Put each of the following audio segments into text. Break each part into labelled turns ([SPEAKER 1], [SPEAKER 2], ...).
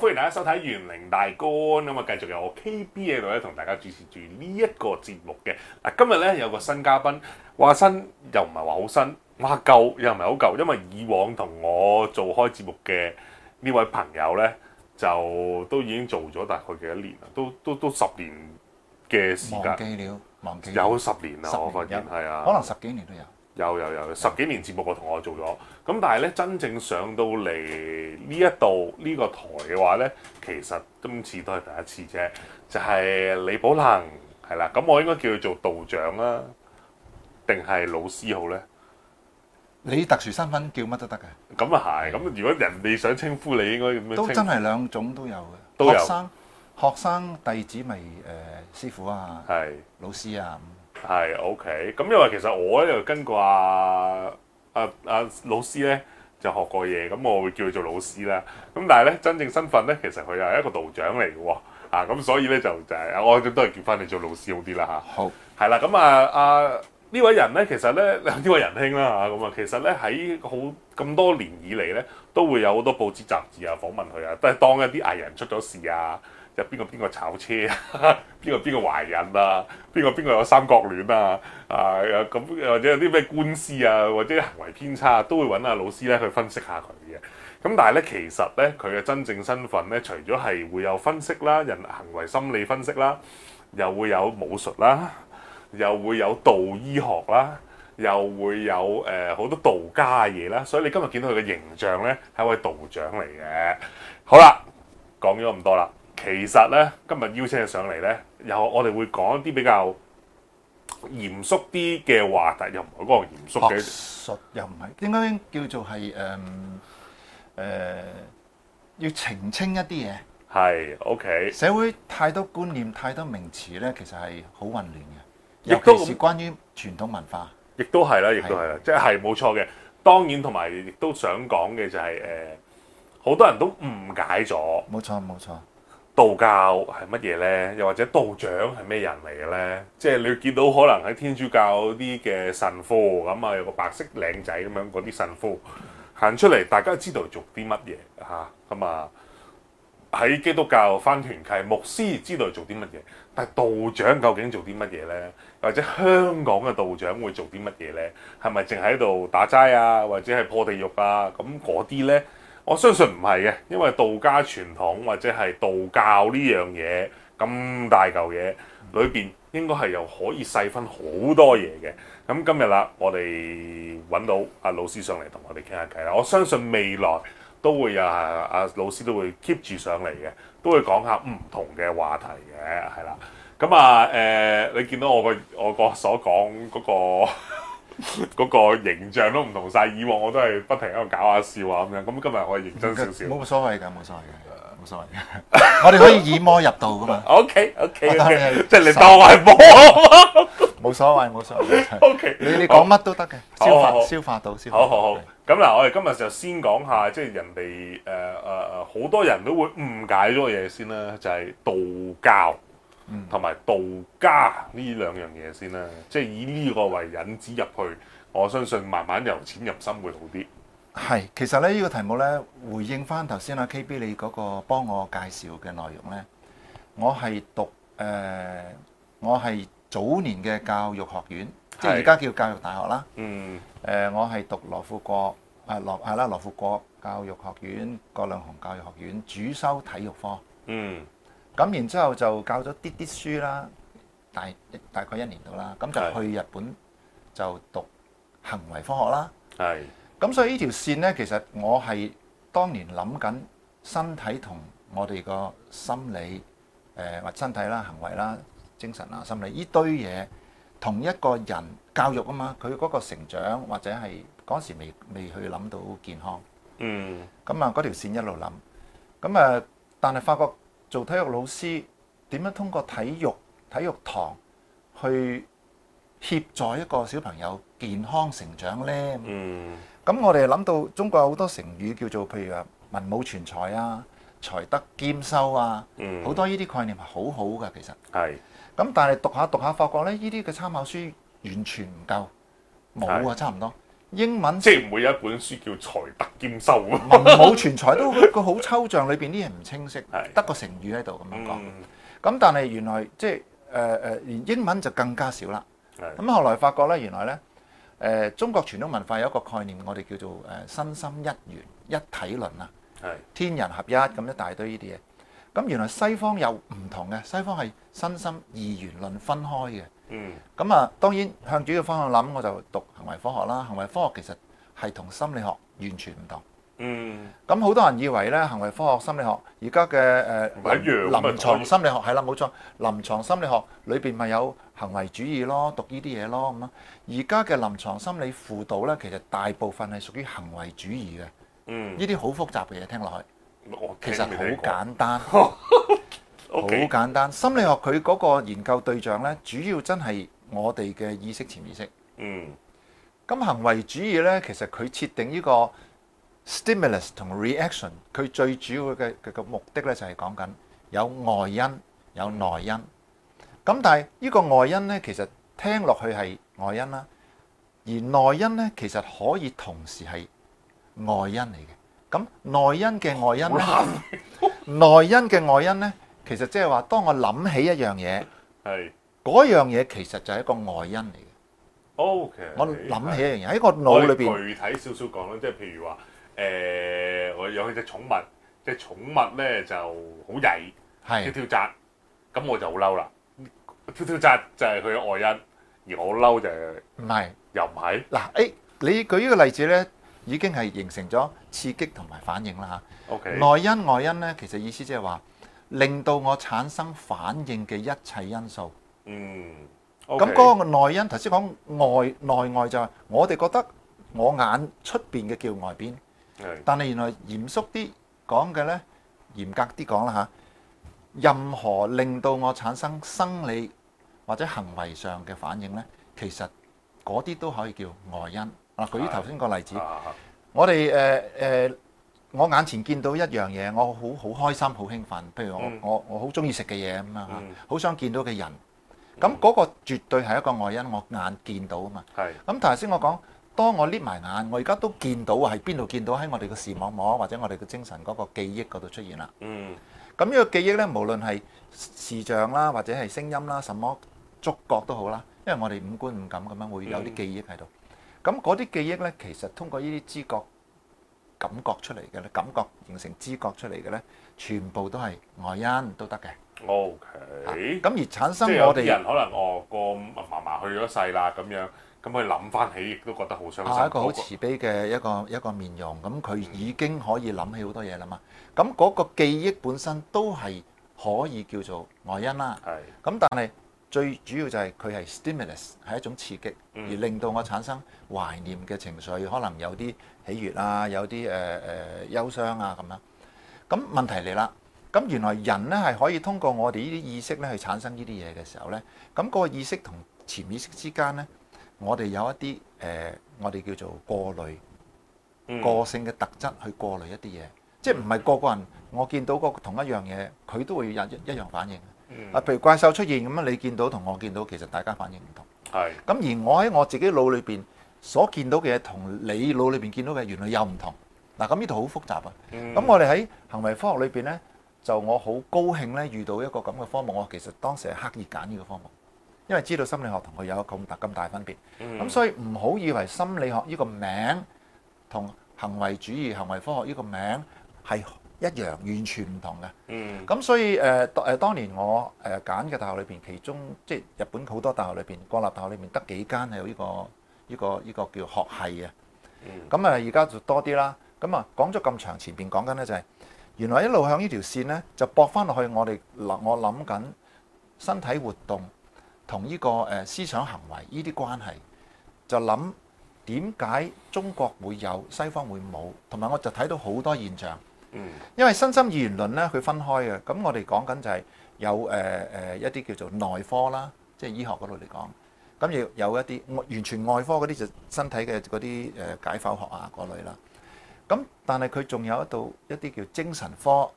[SPEAKER 1] 歡迎大家收睇《玄靈大觀》，咁啊，繼續由我 KB 喺度咧同大家主持住呢一個節目嘅。嗱，今日咧有個新嘉賓，話新又唔係話好新，話舊又唔係好舊，因為以往同我做開節目嘅呢位朋友咧，就都已經做咗大概幾多年啦，都都都十年嘅時間。忘記了，忘記有十年啦，十年我發現係啊，可能十幾年都有。有有有，十幾年節目我同我做咗，咁但係咧真正上到嚟呢一度呢個台嘅話咧，其實今次都係第一次啫，就係李寶能係啦，咁我應該叫佢做道長啦，定係老師好咧？
[SPEAKER 2] 你特殊身份叫乜都得嘅。
[SPEAKER 1] 咁啊係，咁如果人哋想稱呼你，應該咁樣都真係兩
[SPEAKER 2] 種都有嘅。都有。學生學生弟子咪誒師傅啊，係。老師啊。
[SPEAKER 1] 係，OK。咁因為其實我咧就跟過阿阿阿老師咧就學過嘢，咁我會叫佢做老師啦。咁但係咧真正身份咧，其實佢又係一個道長嚟嘅喎。咁所以咧就就係我都係叫翻你做老師好啲啦吓，好，係啦。咁啊阿呢位人咧，其實咧呢位仁兄啦嚇，咁啊其實咧喺好咁多年以嚟咧，都會有好多報紙雜誌啊訪問佢啊，但係當一啲藝人出咗事啊。就邊個邊個炒車啊？邊個邊個懷孕啊？邊個邊個有三角戀啊？啊咁或者有啲咩官司啊，或者行為偏差啊，都會揾下老師咧去分析下佢嘅。咁但係咧，其實咧佢嘅真正身份咧，除咗係會有分析啦，人行為心理分析啦，又會有武術啦，又會有道醫學啦，又會有誒好多道家嘅嘢啦。所以你今日見到佢嘅形象咧，係一位道長嚟嘅。好啦，講咗咁多啦。其實咧，今日邀請你上嚟咧，又我哋會講一啲比較嚴肅啲嘅話題，又唔係嗰個嚴肅嘅，
[SPEAKER 2] 術又唔係應該叫做係誒誒，要澄清一啲嘢
[SPEAKER 1] 係 OK。
[SPEAKER 2] 社會太多觀念、太多名詞咧，其實係好混亂嘅，
[SPEAKER 1] 亦都是
[SPEAKER 2] 關於傳統文化，
[SPEAKER 1] 亦都係啦，亦都係啦，是即係冇錯嘅。當然同埋亦都想講嘅就係誒，呃，好多人都誤解咗，冇錯冇錯。道教係乜嘢呢？又或者道長係咩人嚟嘅呢？即係你見到可能喺天主教啲嘅神父咁啊，有個白色領仔咁樣嗰啲神父行出嚟，大家都知道做啲乜嘢嚇咁啊？喺、啊、基督教返團契牧師，知道做啲乜嘢，但係道長究竟做啲乜嘢呢？又或者香港嘅道長會做啲乜嘢呢？係咪淨喺度打齋啊？或者係破地獄啊？咁嗰啲呢？我相信唔係嘅，因為道家傳統或者係道教呢樣嘢咁大嚿嘢，裏邊應該係又可以細分好多嘢嘅。咁今日啦，我哋揾到阿老師上嚟同我哋傾下偈啦。我相信未來都會有阿老師都會 keep 住上嚟嘅，都會講下唔同嘅話題嘅，係啦。咁啊，誒、呃，你見到我個我個所講嗰個。嗰個形象都唔同晒，以往我都係不停喺度搞下笑啊，咁樣。咁今日我係認真少少，冇所謂嘅，冇所謂嘅，冇所謂嘅。 我哋可以以魔入道噶嘛？O K O K，即係你當我係魔，冇 所謂冇所謂。O Okay, K，okay. 你你講乜都得嘅，消化消化到，好好好。咁嗱，我哋今日就先講下，即係人哋誒誒誒，好多人都會誤解咗嘢先啦，就係道教。同埋、嗯、道家呢兩樣嘢先啦，即係以呢個為引子入去，我相信慢慢由淺入深會好啲。係，
[SPEAKER 2] 其實咧呢個題目呢，回應翻頭先阿 KB 你嗰個幫我介紹嘅內容呢。我係讀誒、呃，我係早年嘅教育學院，是即係而家叫教育大學啦。嗯。呃、我係讀羅富國啊，羅係啦、啊，羅富國教育學院、郭亮雄教育學院主修體育科。嗯。咁然之後就教咗啲啲書啦，大大概一年到啦。咁就去日本就讀行為科學啦。係咁，所以呢條線呢，其實我係當年諗緊身體同我哋個心理誒或身體啦、行為啦、精神啦、心理呢堆嘢，同一個人教育啊嘛，佢嗰個成長或者係嗰時未未去諗到健康。嗯，咁啊，嗰條線一路諗咁啊，但係發覺。做體育老師點樣通過體育體育堂去協助一個小朋友健康成長呢？咁、嗯、我哋諗到中國有好多成語叫做譬如話文武全才啊、才德兼修啊，好、嗯、多呢啲概念係好好㗎，其實係咁，是但係讀下讀下發覺呢呢啲嘅參考書完全唔夠，冇啊，是差唔多。英
[SPEAKER 1] 文即係唔會有一本書叫才
[SPEAKER 2] 德兼修文武全才，都佢好抽象，裏邊啲嘢唔清晰，得個 成語喺度咁樣講。咁、嗯、但係原來即係誒誒，連、呃、英文就更加少啦。咁是的 後來發覺咧，原來咧誒、呃、中國傳統文化有一個概念，我哋叫做誒身心一元一體論啊，天人合一咁一大堆呢啲嘢。咁原來西方有唔同嘅，西方係身心二元論分開嘅。嗯，咁啊，當然向主要方向諗，我就讀行為科學啦。行為科學其實係同心理學完全唔同。
[SPEAKER 1] 嗯，
[SPEAKER 2] 咁好多人以為咧，行為科學、心理學，而家嘅誒唔係一樣臨牀心理學係啦，冇意錯，臨床心理學裏邊咪有行為主義咯，讀呢啲嘢咯咁咯。而家嘅臨床心理輔導咧，其實大部分係屬於行為主義嘅。嗯，呢啲好複雜嘅嘢聽落去，其實好簡單。 好簡單，Okay. 心理學佢嗰個研究對象咧，主要真係我哋嘅意，意識、潛意識。嗯。咁行為主義咧，其實佢設定呢個 stimulus 同 reaction，佢最主要嘅嘅目的咧，就係講緊有外因有內因。咁但係呢個外因咧，其實聽落去係外因啦。而內因咧，其實可以同時係外因嚟嘅。咁內因嘅外因，內因嘅外因咧。 其實即係話，當我諗起一樣嘢，嗰樣嘢其實就係一個外因嚟
[SPEAKER 1] 嘅。O Okay , K，我諗起一樣嘢喺個腦裏邊，是面具體少少講啦，即係譬如話，誒、呃，我有隻寵物，隻寵物咧就好曳是，跳跳扎，咁我就好嬲啦。跳跳紮就係佢嘅外因，而我嬲就唔、是、係，是又唔係。嗱，誒，
[SPEAKER 2] 你舉呢個例子咧，已經係形成咗刺激同埋反應啦。嚇，O K，內因、外因咧，其實意思即係話，令到我產生反應嘅一切因素。嗯，咁嗰個內因，頭先講外內外就係我哋覺得我眼出邊嘅叫外邊。係，但係原來嚴肅啲講嘅呢，嚴格啲講啦嚇，任何令到我產生生理或者行為上嘅反應呢，其實嗰啲都可以叫外因。嗱，舉頭先個例子，我哋誒誒。我眼前見到一樣嘢，我好好開心、好興奮。譬如我、嗯、我我好中意食嘅嘢咁樣，好、嗯、想見到嘅人。咁嗰、嗯、個絕對係一個外因，我眼見到啊嘛。咁頭先我講，當我匿埋眼，我而家都見到喺邊度見到喺我哋嘅視網膜或者我哋嘅精神嗰個記憶嗰度出現啦。咁呢、嗯、個記憶咧，無論係視像啦，或者係聲音啦，什麼觸覺都好啦，因為我哋五官唔敢咁樣會有啲記憶喺度。咁嗰啲記憶咧，其實通過呢啲知覺，感覺出嚟嘅咧，感覺形成知覺出嚟嘅咧，全部都係外因都得嘅。
[SPEAKER 1] OK，咁而產生我哋人可能哦個嫲嫲去咗世啦咁樣，咁佢諗翻起亦都覺得好傷心。係一個好慈
[SPEAKER 2] 悲嘅一個一個面容，咁、嗯、佢、嗯、已經可以諗起好多嘢啦嘛。咁、嗯、嗰個記憶本身都係可以叫做外因啦。係的，咁但係。最主要就係佢係 stimulus，係一種刺激，而令到我產生懷念嘅情緒，可能有啲喜悅啊，有啲誒誒憂傷啊咁樣。咁問題嚟啦，咁原來人呢係可以通過我哋呢啲意識咧去產生呢啲嘢嘅時候呢，咁個意識同潛意識之間呢，我哋有一啲誒、呃，我哋叫做過濾，個性嘅特質去過濾一啲嘢，即係唔係個個人，我見到個同一樣嘢，佢都會有一一樣反應。啊，譬如怪獸出現咁樣，你見到同我見到其實大家反應唔同。係是。咁而我喺我自己腦裏邊所見到嘅嘢，同你腦裏邊見到嘅，原來又唔同。嗱、啊，咁呢度好複雜啊。咁、嗯、我哋喺行為科學裏邊呢，就我好高興呢遇到一個咁嘅科目。我其實當時係刻意揀呢個科目，因為知道心理學同佢有咁大咁大分別。咁、嗯、所以唔好以為心理學呢個名同行為主義、行為科學呢個名係一樣完全唔同嘅，咁、嗯、所以誒誒，當、呃、年我誒揀嘅大學裏邊，其中即係日本好多大學裏邊，國立大學裏邊得幾間係有呢、呢個、呢個、這個叫學系嘅。咁啊、嗯，而家就多啲啦。咁啊，講咗咁長，前邊講緊咧就係原來一路向呢條線咧，就駁翻落去。我哋諗我諗緊身體活動同呢個誒思想行為呢啲關係，就諗點解中國會有，西方會冇，同埋我就睇到好多現象。嗯，因為身心二元論咧，佢分開嘅。咁我哋講緊就係有誒誒一啲叫做內科啦，即係醫學嗰度嚟講。咁亦有一啲完全外科嗰啲就身體嘅嗰啲誒解剖學啊嗰類啦。咁但係佢仲有一度一啲叫精神科，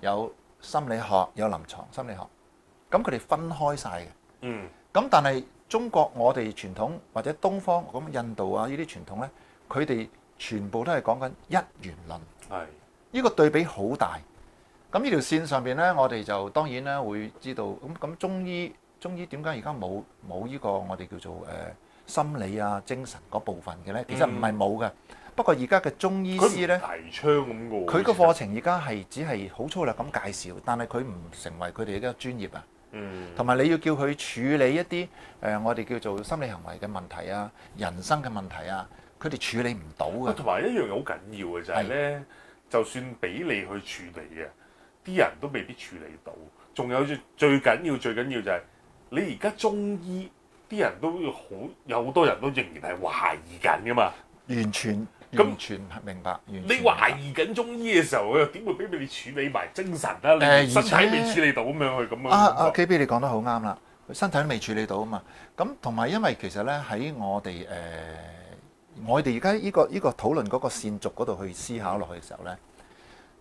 [SPEAKER 2] 有心理學，有臨牀心理學。咁佢哋分開曬嘅。嗯。咁但係中國我哋傳統或者東方咁印度啊呢啲傳統咧，佢哋全部都係講緊一元論。係。呢個對比好大，咁呢條線上邊呢，我哋就當然咧會知道。咁咁中醫中醫點解而家冇冇呢個我哋叫做誒、呃、心理啊精神嗰部分嘅呢？其實唔係冇嘅，不過而家嘅中醫師呢，提倡咁佢個課程而家係只係好粗略咁介紹，但係佢唔成為佢哋嘅家專業啊。嗯，同埋你要叫佢處理一啲誒、呃、我哋叫做心理行為嘅問題啊、人生嘅問題啊，佢哋處理唔到嘅。同
[SPEAKER 1] 埋一樣好緊要嘅就係、是、呢。就算俾你去處理嘅，啲人都未必處理到。仲有最緊要、最緊要就係你而家中醫啲人都好，有好多人都仍然係懷疑緊噶嘛。
[SPEAKER 2] 完全
[SPEAKER 1] 完全明白。那明白你懷疑緊中醫嘅時候，又點會俾你處理埋精神啊？你身體未處理到咁、呃、樣去咁啊
[SPEAKER 2] ！KB，你講得好啱啦，身體都未處理到啊嘛。咁同埋因為其實咧喺我哋誒。呃我哋而家呢個呢個討論嗰個線續嗰度去思考落去嘅時候呢，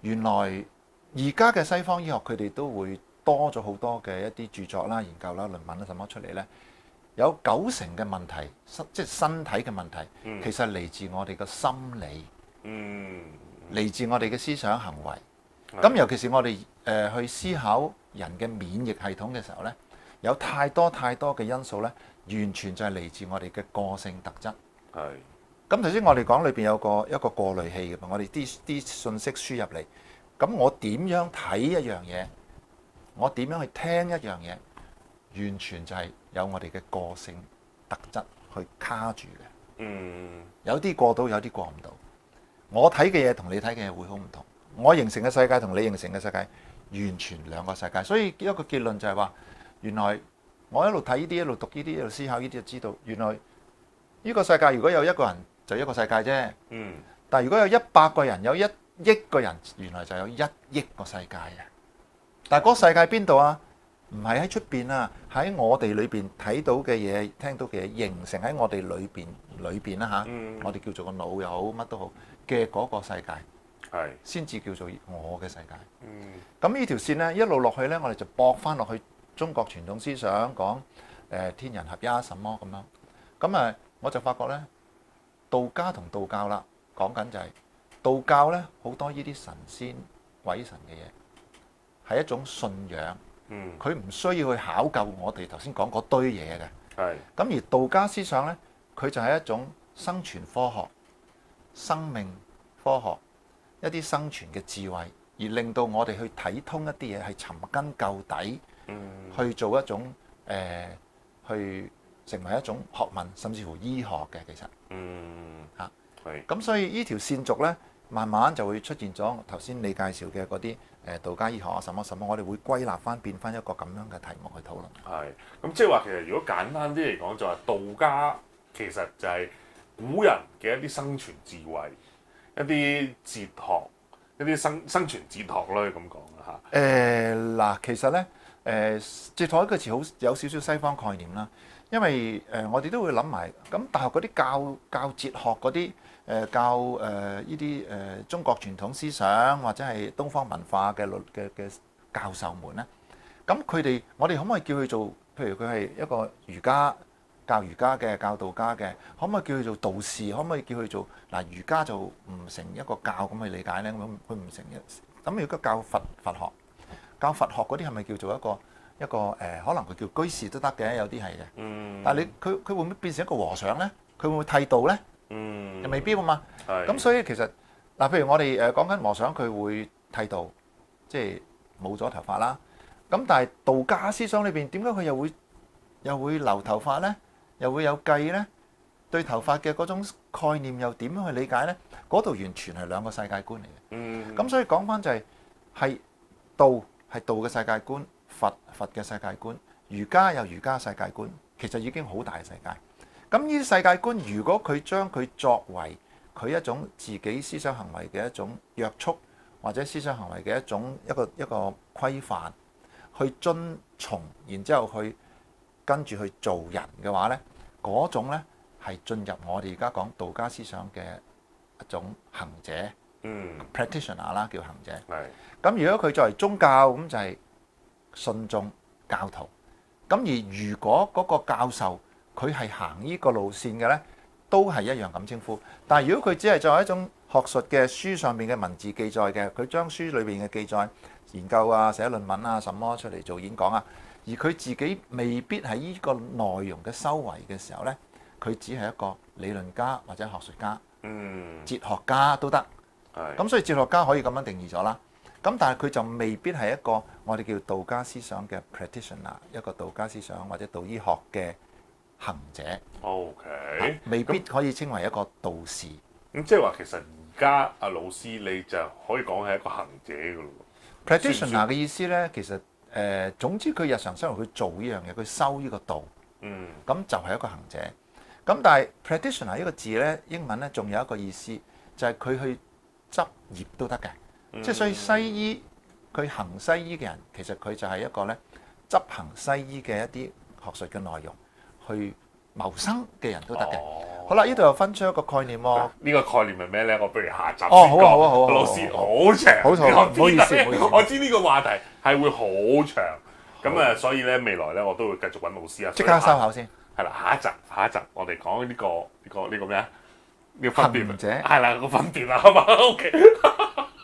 [SPEAKER 2] 原來而家嘅西方醫學佢哋都會多咗好多嘅一啲著作啦、研究啦、論文啦什麼出嚟呢。有九成嘅問題身即係身體嘅問題，其實嚟自我哋嘅心理，嚟、嗯、自我哋嘅思想行為。咁、嗯、尤其是我哋誒、呃、去思考人嘅免疫系統嘅時候呢，有太多太多嘅因素呢，完全就係嚟自我哋嘅個性特質。係。咁頭先我哋講裏邊有個一個過濾器嘅嘛，我哋啲啲信息輸入嚟，咁我點樣睇一樣嘢？我點樣去聽一樣嘢？完全就係有我哋嘅個性特質去卡住嘅。嗯，有啲過到，有啲過唔到。我睇嘅嘢同你睇嘅嘢會好唔同。我形成嘅世界同你形成嘅世界完全兩個世界。所以一個結論就係話，原來我一路睇呢啲，一路讀呢啲，一路思考呢啲，就知道原來呢個世界如果有一個人，就一個世界啫。嗯。但係如果有一百個人，有一億個人，原來就有一億個世界啊！但係嗰個世界邊度啊？唔係喺出邊啊？喺我哋裏邊睇到嘅嘢，聽到嘅嘢，形成喺我哋裏邊裏邊啦吓，啊嗯，我哋叫做個腦又好，乜都好嘅嗰個世界，係是。先至叫做我嘅世界。嗯。咁呢條線咧一路落去咧，我哋就駁翻落去中國傳統思想講誒天人合一什麼咁樣。咁啊，我就發覺咧。道家同道教啦，講緊就係道教咧，好多呢啲神仙鬼神嘅嘢，係一種信仰。嗯，佢唔需要去考究我哋頭先講嗰堆嘢嘅。係是。咁而道家思想咧，佢就係一種生存科學、生命科學，一啲生存嘅智慧，而令到我哋去睇通一啲嘢，係尋根究底，嗯、去做一種誒、呃、去。成為一種學問，甚至乎醫學嘅其實，嗯嚇，係咁，所以呢條線族咧，慢慢就會出現咗頭先你介紹嘅嗰啲誒道家醫學啊，什麼什麼，我哋會歸納翻，變翻一個咁樣嘅題目
[SPEAKER 1] 去討論。係咁，即係話其實如果簡單啲嚟講，就係、是、道家其實就係古人嘅一啲生存智慧，一啲哲學，一啲生生存哲學啦，咁講啊嚇。
[SPEAKER 2] 嗱、呃，其實咧誒哲學一個詞好有少少西方概念啦。因為誒，我哋都會諗埋咁大學嗰啲教教哲學嗰啲誒教誒呢啲誒中國傳統思想或者係東方文化嘅律嘅嘅教授們咧，咁佢哋我哋可唔可以叫佢做？譬如佢係一個儒家教儒家嘅教道家嘅，可唔可以叫佢做道士？可唔可以叫佢做嗱？儒家就唔成一個教咁去理解咧，咁佢唔成嘅。咁如果教佛佛學，教佛學嗰啲係咪叫做一個？一個誒，可能佢叫居士都得嘅，有啲係嘅。嗯，但係你佢佢會唔會變成一個和尚咧？佢會唔會剃度咧？嗯，又未必啊嘛。係咁，所以其實嗱，譬如我哋誒講緊和尚，佢會剃度，即係冇咗頭髮啦。咁但係道家思想裏邊點解佢又會又會留頭髮咧？又會有計咧？對頭髮嘅嗰種概念又點樣去理解咧？嗰度完全係兩個世界觀嚟嘅。嗯，咁所以講返就係係道係道嘅世界觀。佛佛嘅世界觀，儒家有儒家世界觀，其實已經好大嘅世界。咁呢世界觀，如果佢將佢作為佢一種自己思想行為嘅一種約束，或者思想行為嘅一種一個一個規範，去遵從，然之後去跟住去做人嘅話咧，嗰種咧係進入我哋而家講道家思想嘅一種行者，嗯，practitioner 啦叫行者。係。咁如果佢作為宗教咁就係。信眾、教徒，咁而如果嗰個教授佢係行呢個路線嘅呢，都係一樣咁稱呼。但係如果佢只係作為一種學術嘅書上面嘅文字記載嘅，佢將書裏面嘅記載研究啊、寫論文啊、什麼出嚟做演講啊，而佢自己未必係呢個內容嘅修為嘅時候呢，佢只係一個理論家或者學術家、哲學家都得。咁所以哲學家可以咁樣定義咗啦。咁但係佢就未必係一個我哋叫道家思想嘅 practitioner，一個道家思想或者道醫學嘅行者。OK，未必可以稱為一個道士。
[SPEAKER 1] 咁、嗯、即係話其實而家阿老師你就可以講係一個行者嘅咯。practitioner
[SPEAKER 2] 嘅意思咧，其實誒總之佢日常生活去做呢樣嘢，佢修呢個道。嗯。咁就係一個行者。咁但係 practitioner 呢個字咧，英文咧仲有一個意思，就係、是、佢去執業都得嘅。即係、嗯、所以西醫佢行西醫嘅人，其實佢就係一個咧執行西醫嘅一啲學術嘅內容去謀生嘅人都得嘅。哦、好啦，呢度又分出一個概念喎。
[SPEAKER 1] 呢個概念係咩咧？我不如下集先講。哦，好啊，好啊，好啊，老師好長，好錯，唔好意思，我知呢個話題係會好長咁啊。所以咧，未來咧，我都會繼續揾老師啊。即刻收口先，係啦，下一集，下一集我哋講呢個，我哋講呢個呢個呢個咩啊？呢個分別係啦，個分別啦，好嘛？O K。